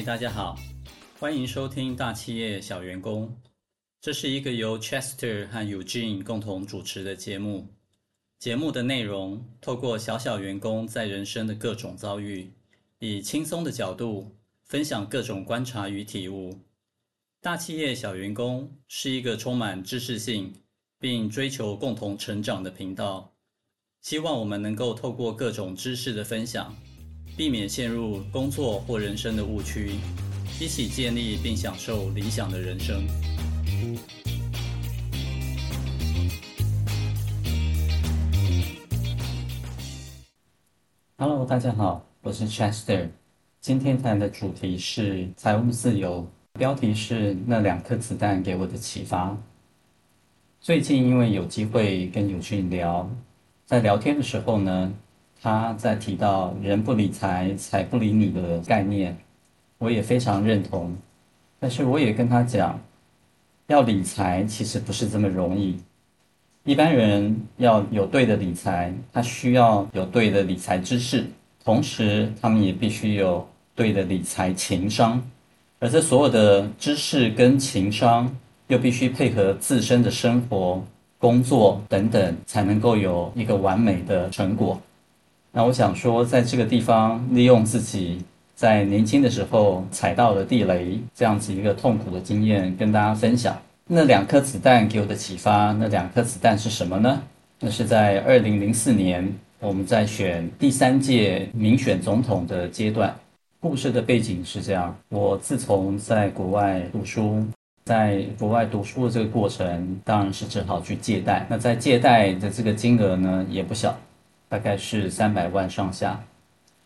Hey, 大家好，歡迎收聽大企業小員工。這是一個由 Chester 和 Eugene 共同主持的節目。節目的內容透過小小員工在人生的各種遭遇，以輕鬆的角度分享各種觀察與體悟。大企業小員工是一個充滿知識性，並追求共同成長的頻道。希望我們能夠透過各種知識的分享。避免陷入工作或人生的誤區，一起建立並享受理想的人生。Hello，大家好，我是 Chester，今天談的主題是財務自由，標題是那兩顆子彈給我的啟發。最近因為有機會跟 Eugene 聊，在聊天的時候呢。他在提到“人不理財，財不理你”的概念，我也非常認同。但是我也跟他講，要理財其實不是這麼容易。一般人要有對的理財，他需要有對的理財知識，同時他們也必須有對的理財情商。而這所有的知識跟情商，又必須配合自身的生活、工作等等，才能夠有一個完美的成果。那我想說，在這個地方利用自己在年輕的時候踩到了地雷這樣子一個痛苦的經驗跟大家分享。那兩顆子彈給我的啟發，那兩顆子彈是什麼呢？那是在二零零四年，我們在選第三屆民選總統的階段。故事的背景是這樣：我自從在國外讀書，在國外讀書的這個過程，當然是只好去借貸。那在借貸的這個金額呢，也不小。大概是三百萬上下，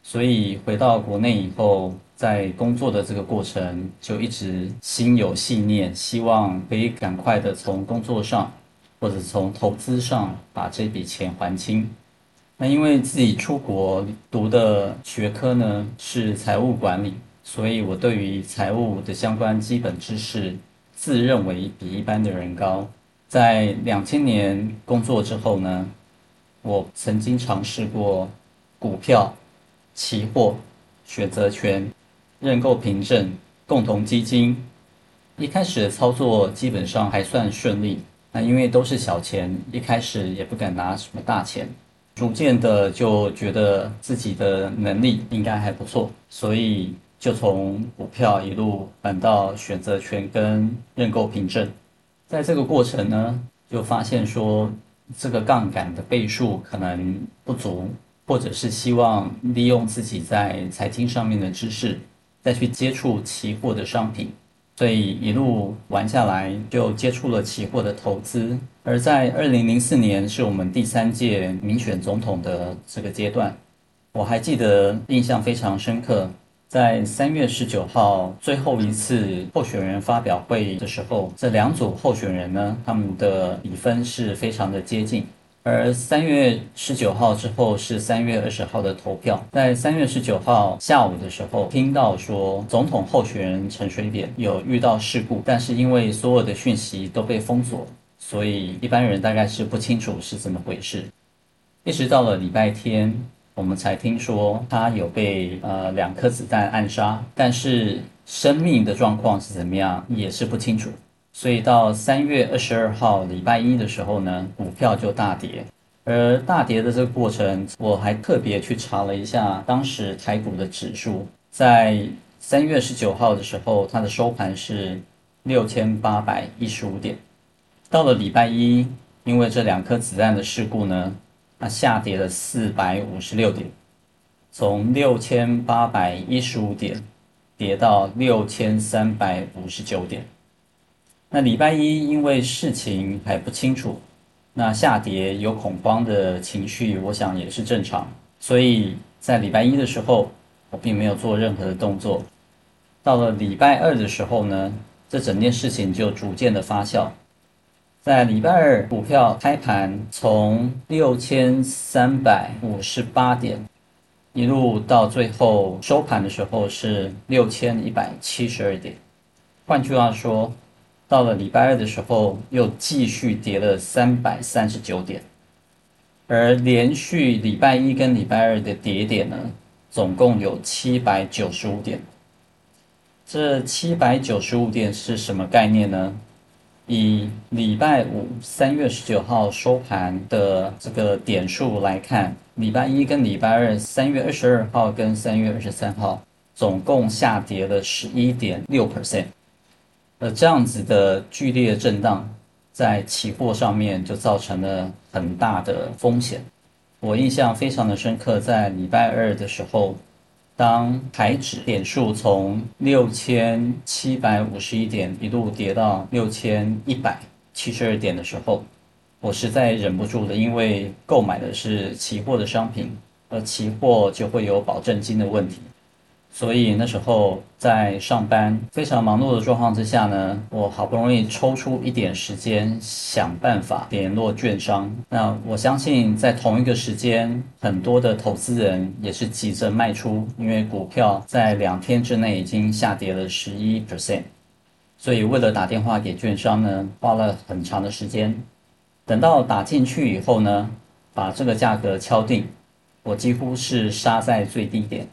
所以回到國內以後，在工作的這個過程就一直心有信念，希望可以趕快的從工作上或者從投資上把這筆錢還清。那因為自己出國讀的學科呢是財務管理，所以我對於財務的相關基本知識自認為比一般的人高。在兩千年工作之後呢，我曾經嘗試過股票、期貨、選擇權、認購憑證、共同基金。一開始操作基本上還算順利，那因為都是小錢，一開始也不敢拿什麼大錢。逐漸的就覺得自己的能力應該還不錯，所以就從股票一路玩到選擇權跟認購憑證。在這個過程呢，就發現說，這個槓桿的倍數可能不足，或者是希望利用自己在財經上面的知識，再去接觸期貨的商品，所以一路玩下來就接觸了期貨的投資。而在二零零四年是我們第三屆民選總統的這個階段，我還記得印象非常深刻。在三月十九號最後一次候選人發表會的時候，這兩組候選人呢，他們的比分是非常的接近。而三月十九號之後是三月二十號的投票。在三月十九號下午的時候，聽到說總統候選人陳水扁有遇到事故，但是因為所有的訊息都被封鎖，所以一般人大概是不清楚是怎麼回事。一直到了禮拜天。我們才聽說他有被呃兩顆子彈暗殺，但是生命的狀況是怎麼樣也是不清楚。所以到三月二十二號禮拜一的時候呢，股票就大跌。而大跌的這個過程，我還特別去查了一下，當時台股的指數在三月十九號的時候，它的收盤是六千八百一十五點。到了禮拜一，因為這兩顆子彈的事故呢。那下跌了四百五十六點，從六千八百一十五點跌到六千三百五十九點。那禮拜一因為事情還不清楚，那下跌有恐慌的情緒，我想也是正常。所以在禮拜一的時候，我並沒有做任何的動作。到了禮拜二的時候呢，這整件事情就逐漸的發酵。在禮拜二股票開盤從六千三百五十八點，一路到最後收盤的時候是六千一百七十二點。換句話說，到了禮拜二的時候又繼續跌了三百三十九點，而連續禮拜一跟禮拜二的跌點呢，總共有七百九十五點。這七百九十五點是什麼概念呢？以禮拜五三月十九號收盤的這個點數來看，禮拜一跟禮拜二三月二十二號跟三月二十三號總共下跌了十一點六 percent。那這樣子的劇烈震盪，在期貨上面就造成了很大的風險。我印象非常的深刻，在禮拜二的時候。當台指點數從六千七百五十一點一度跌到六千一百七十二點的時候，我實在忍不住了，因為購買的是期貨的商品，而期貨就會有保證金的問題。所以那時候在上班非常忙碌的狀況之下呢，我好不容易抽出一點時間想辦法聯絡券商。那我相信在同一個時間，很多的投資人也是急着賣出，因為股票在兩天之內已經下跌了十一 percent。所以為了打電話給券商呢，花了很長的時間。等到打進去以後呢，把這個價格敲定，我幾乎是殺在最低點。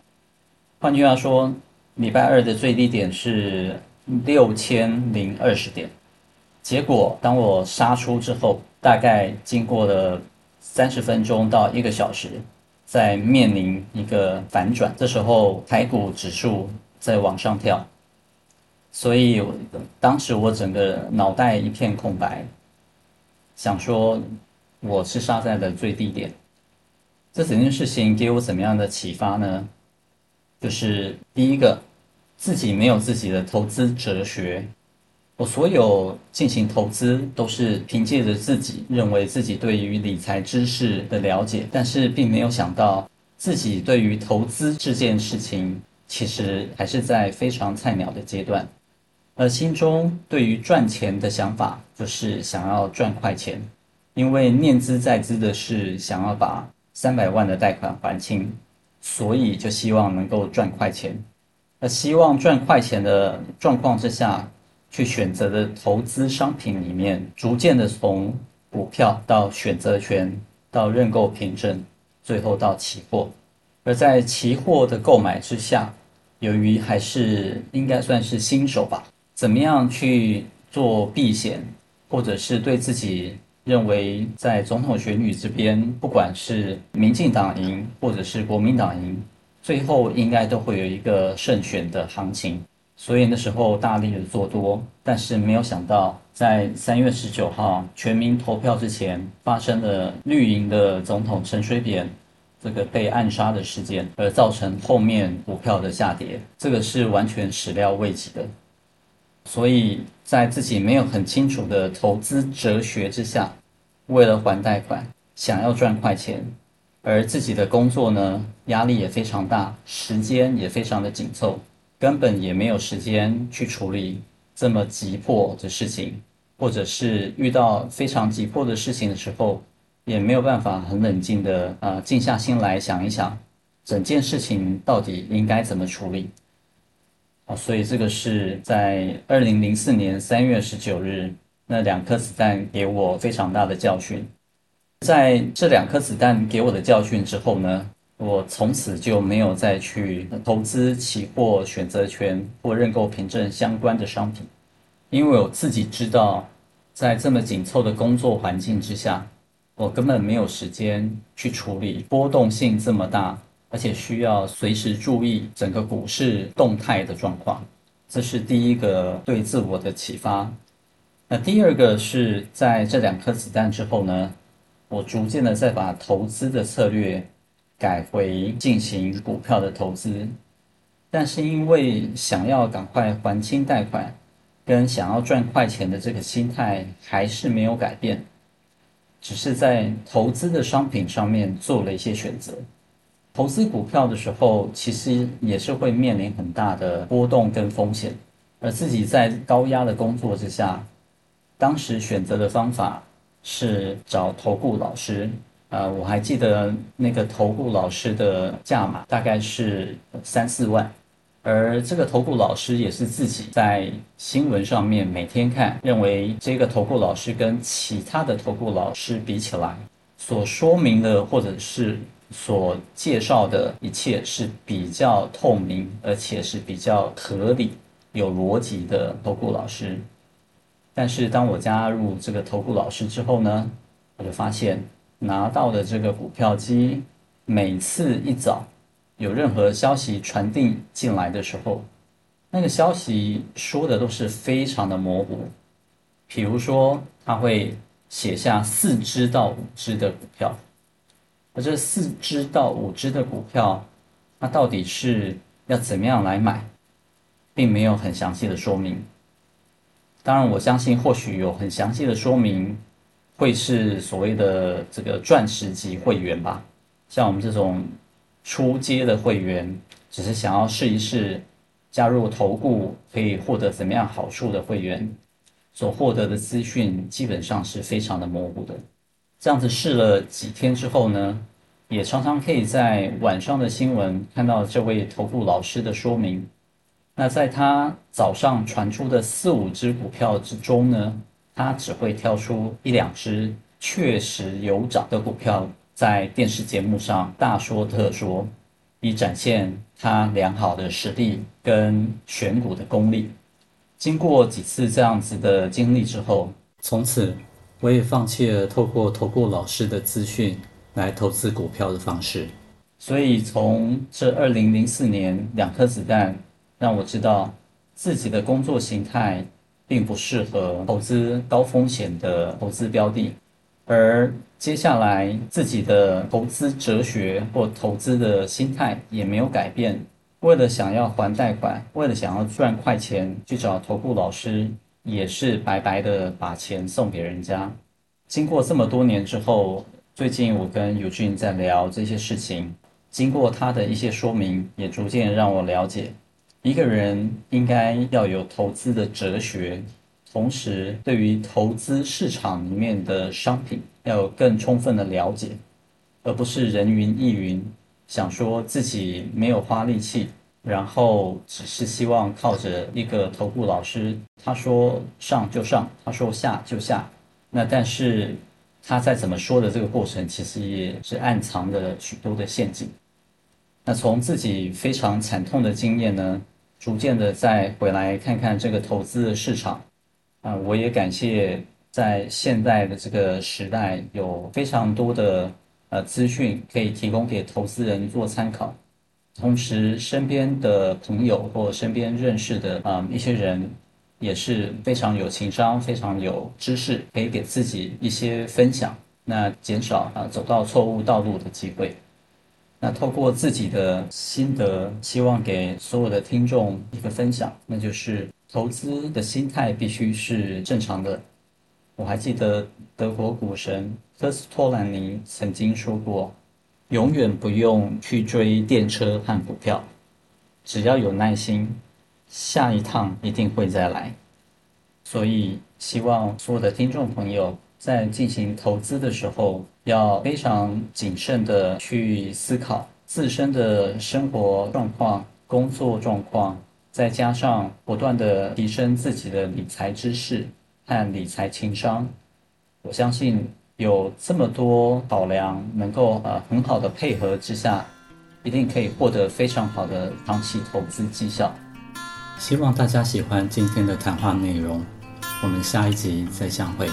換句話說，禮拜二的最低點是六千零二十點。結果當我殺出之後，大概經過了三十分鐘到一個小時，再面臨一個反轉，這時候台股指數在往上跳。所以，當時我整個腦袋一片空白，想說我是殺在了最低點。這整件事情給我怎麼樣的啟發呢？就是第一個，自己沒有自己的投資哲學。我所有進行投資都是憑借着自己認為自己對於理財知識的了解，但是並沒有想到自己對於投資這件事情其實還是在非常菜鳥的階段。而心中對於賺錢的想法就是想要賺快錢，因為念茲在茲的是想要把三百萬的貸款還清。所以就希望能夠賺快錢，而希望賺快錢的狀況之下去選擇的投資商品裡面，逐漸的從股票到選擇權到認購憑證，最後到期貨。而在期貨的購買之下，由於還是應該算是新手吧，怎麼樣去做避險，或者是對自己？認為在總統選舉這邊，不管是民進黨贏或者是國民黨贏，最後應該都會有一個勝選的行情，所以那時候大力的做多，但是沒有想到在三月十九號全民投票之前，發生了綠營的總統陳水扁這個被暗殺的事件，而造成後面股票的下跌，這個是完全始料未及的，所以在自己沒有很清楚的投資哲學之下。為了還貸款，想要賺快錢，而自己的工作呢，壓力也非常大，時間也非常的緊湊，根本也沒有時間去處理這麼急迫的事情，或者是遇到非常急迫的事情的時候，也沒有辦法很冷靜的啊、呃，靜下心來想一想，整件事情到底應該怎麼處理啊？所以這個是在二零零四年三月十九日。那兩顆子彈給我非常大的教訓，在這兩顆子彈給我的教訓之後呢，我從此就沒有再去投資期貨、選擇權或認購憑證相關的商品，因為我自己知道，在這麼緊湊的工作環境之下，我根本沒有時間去處理波動性這麼大，而且需要隨時注意整個股市動態的狀況。這是第一個對自我的啟發。那第二個是在這兩顆子彈之後呢，我逐漸的在把投資的策略改回進行股票的投資，但是因為想要趕快還清貸款，跟想要賺快錢的這個心態還是沒有改變，只是在投資的商品上面做了一些選擇。投資股票的時候，其實也是會面臨很大的波動跟風險，而自己在高壓的工作之下。當時選擇的方法是找投顧老師，呃，我還記得那個投顧老師的價碼大概是三四萬，而這個投顧老師也是自己在新聞上面每天看，認為這個投顧老師跟其他的投顧老師比起來，所說明的或者是所介紹的一切是比較透明，而且是比較合理、有邏輯的投顧老師。但是當我加入這個投顧老師之後呢，我就發現拿到的這個股票機，每次一早有任何消息傳遞進來的時候，那個消息說的都是非常的模糊。比如說他會寫下四隻到五隻的股票，而這四隻到五隻的股票，那到底是要怎麼樣來買，並沒有很詳細的說明。當然，我相信或許有很詳細的說明，會是所謂的這個鑽石級會員吧。像我們這種初階的會員，只是想要試一試加入投顧可以獲得怎麼樣好處的會員，所獲得的資訊基本上是非常的模糊的。這樣子試了幾天之後呢，也常常可以在晚上的新聞看到這位投顧老師的說明。那在他早上傳出的四五只股票之中呢，他只會挑出一兩只確實有漲的股票，在電視節目上大說特說，以展現他良好的實力跟選股的功力。經過幾次這樣子的經歷之後，從此我也放棄了透過投顧老師的資訊來投資股票的方式。所以從這二零零四年兩顆子彈。讓我知道自己的工作型態並不適合投資高風險的投資標的，而接下來自己的投資哲學或投資的心態也沒有改變。為了想要還貸款，為了想要賺快錢，去找投顧老師也是白白的把錢送給人家。經過這麼多年之後，最近我跟 Eugene 在聊這些事情，經過他的一些說明，也逐漸讓我了解。一個人應該要有投資的哲學，同時對於投資市場裡面的商品要有更充分的了解，而不是人云亦云，想說自己沒有花力氣，然後只是希望靠着一個投顧老師，他說上就上，他說下就下，那但是他再怎麼說的這個過程，其實也是暗藏着許多的陷阱。那從自己非常慘痛的經驗呢，逐漸的再回來看看這個投資市場。啊、呃，我也感謝在現在的這個時代有非常多的呃資訊可以提供給投資人做參考，同時身邊的朋友或身邊認識的啊、呃、一些人也是非常有情商、非常有知識，可以給自己一些分享，那減少啊、呃、走到錯誤道路的機會。那透過自己的心得，希望給所有的聽眾一個分享，那就是投資的心態必須是正常的。我還記得德國股神科斯托蘭尼曾經說過：“永遠不用去追電車和股票，只要有耐心，下一趟一定會再來。”所以，希望所有的聽眾朋友。在進行投資的時候，要非常謹慎地去思考自身的生活狀況、工作狀況，再加上不斷地提升自己的理財知識和理財情商。我相信有這麼多考量，能夠，呃，很好的配合之下，一定可以獲得非常好的長期投資績效。希望大家喜歡今天的談話內容，我們下一集再相會。